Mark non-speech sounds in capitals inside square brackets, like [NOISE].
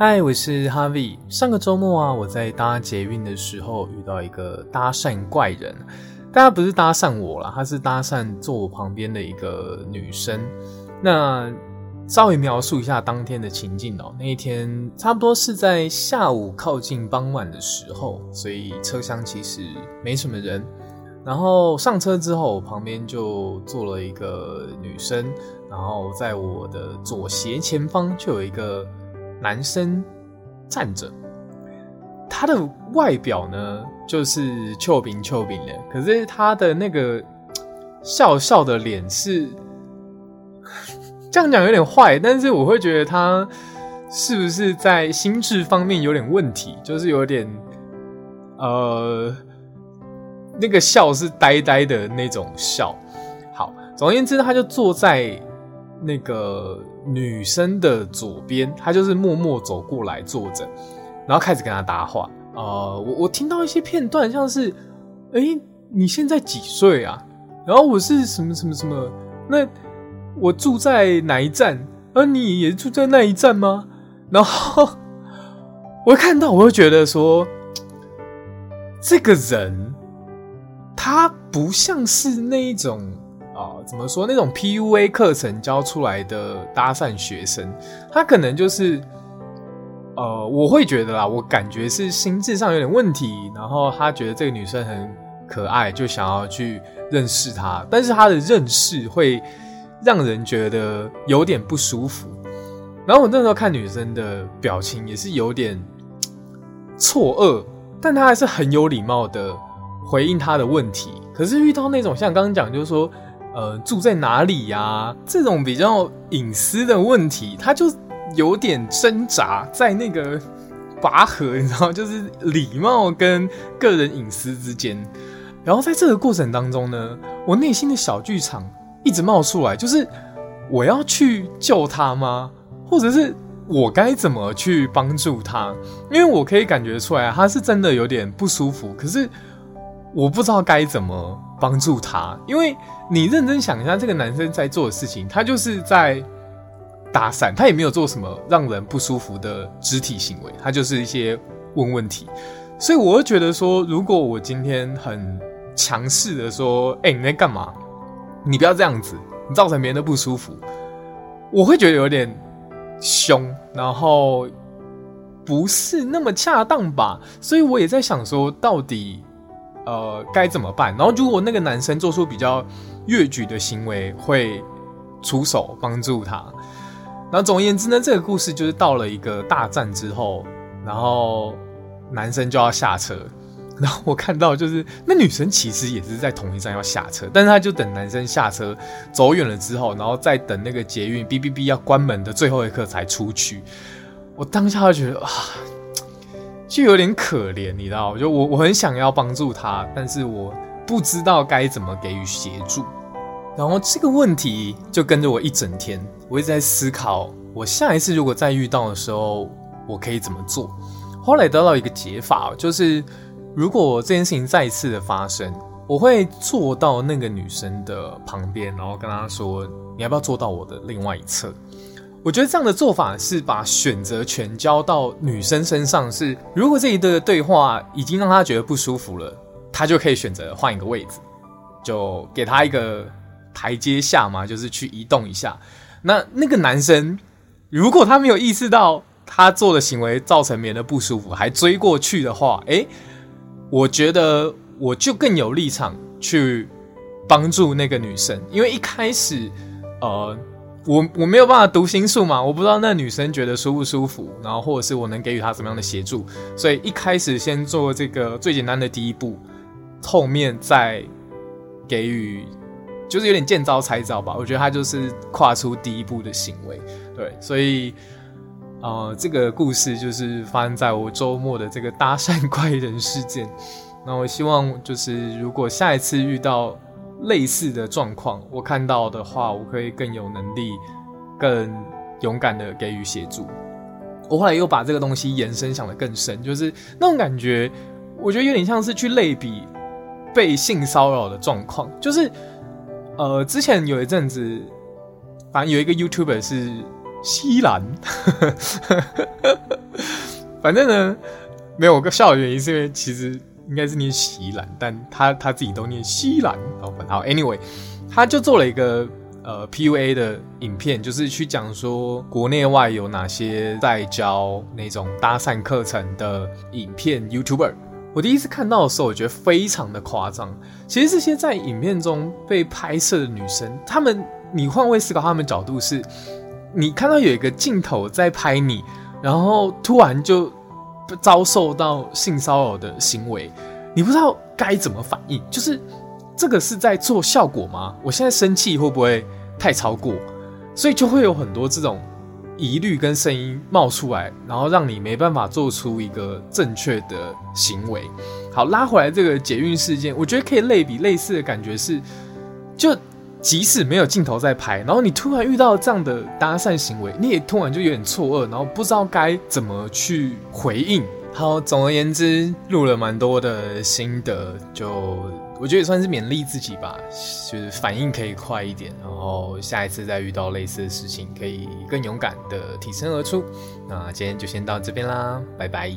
嗨，我是 Harvie，上個周末啊，我在搭捷運的時候遇到一個搭訕怪人。但他不是搭訕我啦，他是搭訕坐我旁邊的一個女生。那稍微描述一下當天的情境哦、喔，那一天差不多是在下午靠近傍晚的時候，所以車廂其實沒什麼人。然後上車之後，我旁邊就坐了一個女生，然後在我的左斜前方就有一個。男生站着，他的外表呢，就是臭屁臭屁的，可是他的那個笑笑的臉，是這樣講有點壞，但是我會覺得他是不是在心智方面有點問題，就是有點呃那個笑是呆呆的那種笑。好，總而言之，他就坐在。那個女生的左邊，她就是默默走過來坐着，然後開始跟她搭話。呃，我我聽到一些片段，像是，哎，你現在幾歲啊？然後我是什麼什麼什麼？那我住在哪一站？啊，你也住在那一站嗎？然後我看到，我會覺得說，這個人他不像是那一種。啊、呃，怎麼說，那種 PUA 課程教出來的搭訕學生，他可能就是，呃，我會覺得啦，我感覺是心智上有點問題，然後他覺得這個女生很可愛，就想要去認識她，但是他的認識會讓人覺得有點不舒服。然後我那時候看女生的表情也是有點錯愕，但他還是很有禮貌的回應他的問題。可是遇到那種像剛剛講，就是說，呃，住在哪裡呀啊？這種比較隱私的問題，他就有點掙扎在那個拔河，你知道嗎，就是禮貌跟個人隱私之間。然後在這個過程當中呢，我內心的小劇場一直冒出來，就是我要去救他嗎？或者是我該怎麼去幫助他？因為我可以感覺出來啊，他是真的有點不舒服，可是我不知道該怎麼。幫助他，因為你認真想一下，這個男生在做的事情，他就是在搭訕，他也沒有做什麼讓人不舒服的肢體行為，他就是一些問問題。所以，我會覺得說，如果我今天很強勢的說：“哎、欸，你在幹嘛？你不要這樣子，你造成別人的不舒服。”我會覺得有點兇，然後不是那麼恰當吧。所以，我也在想說，到底。呃，該怎麼辦？然後如果那個男生做出比較越矩的行為，會出手幫助他。然後總而言之呢，這個故事就是到了一個大站之後，然後男生就要下車，然後我看到就是那女生其實也是在同一站要下車，但是她就等男生下車走遠了之後，然後再等那個捷運嗶嗶嗶要關門的最後一刻才出去。我當下就覺得啊。就有點可憐，你知道嗎？就我我很想要幫助他，但是我不知道該怎麼給予協助。然後這個問題就跟着我一整天，我一直在思考，我下一次如果再遇到的時候，我可以怎麼做？後來得到一個解法，就是如果這件事情再一次的發生，我會坐到那個女生的旁邊，然後跟她說：“你要不要坐到我的另外一側？”我覺得這樣的做法是把選擇權交到女生身上是。是如果這一對的對話已經讓她覺得不舒服了，她就可以選擇換一個位置，就給她一個台階下嘛，就是去移動一下。那那個男生如果他沒有意識到他做的行為造成別人的不舒服，還追過去的話，誒、欸，我覺得我就更有立場去幫助那個女生，因為一開始，呃。我我沒有辦法讀心術嘛，我不知道那女生覺得舒不舒服，然後或者是我能給予她怎麼樣的協助，所以一開始先做這個最簡單的第一步，後面再給予，就是有點見招拆招吧。我覺得她就是跨出第一步的行為，對，所以呃，這個故事就是發生在我周末的這個搭訕怪人事件。那我希望就是如果下一次遇到。類似的狀況，我看到的話，我可以更有能力、更勇敢的給予協助。我後來又把這個東西延伸想得更深，就是那種感覺，我覺得有點像是去類比被性騷擾的狀況。就是，呃，之前有一陣子，反正有一個 YouTuber 是西蘭， [LAUGHS] 反正呢，沒有個笑的原因，是因為其實。應該是念西蘭，但他他自己都念西蘭。好，oh，Anyway，他就做了一個呃 PUA 的影片，就是去講說國內外有哪些在教那種搭訕課程的影片 YouTuber。我第一次看到的時候，我覺得非常的誇張。其實這些在影片中被拍攝的女生，她們你換位思考，她們的角度是你看到有一個鏡頭在拍你，然後突然就。遭受到性騷擾的行為，你不知道該怎麼反應，就是這個是在做效果嗎？我現在生氣會不會太超過？所以就會有很多這種疑慮跟聲音冒出來，然後讓你沒辦法做出一個正確的行為。好，拉回來這個捷運事件，我覺得可以類比類似的感覺是就。即使沒有鏡頭在拍，然後你突然遇到這樣的搭訕行為，你也突然就有點錯愕，然後不知道該怎麼去回應。好，總而言之，錄了蠻多的心得，就我覺得也算是勉勵自己吧，就是反應可以快一點，然後下一次再遇到類似的事情，可以更勇敢的挺身而出。那今天就先到這邊啦，拜拜。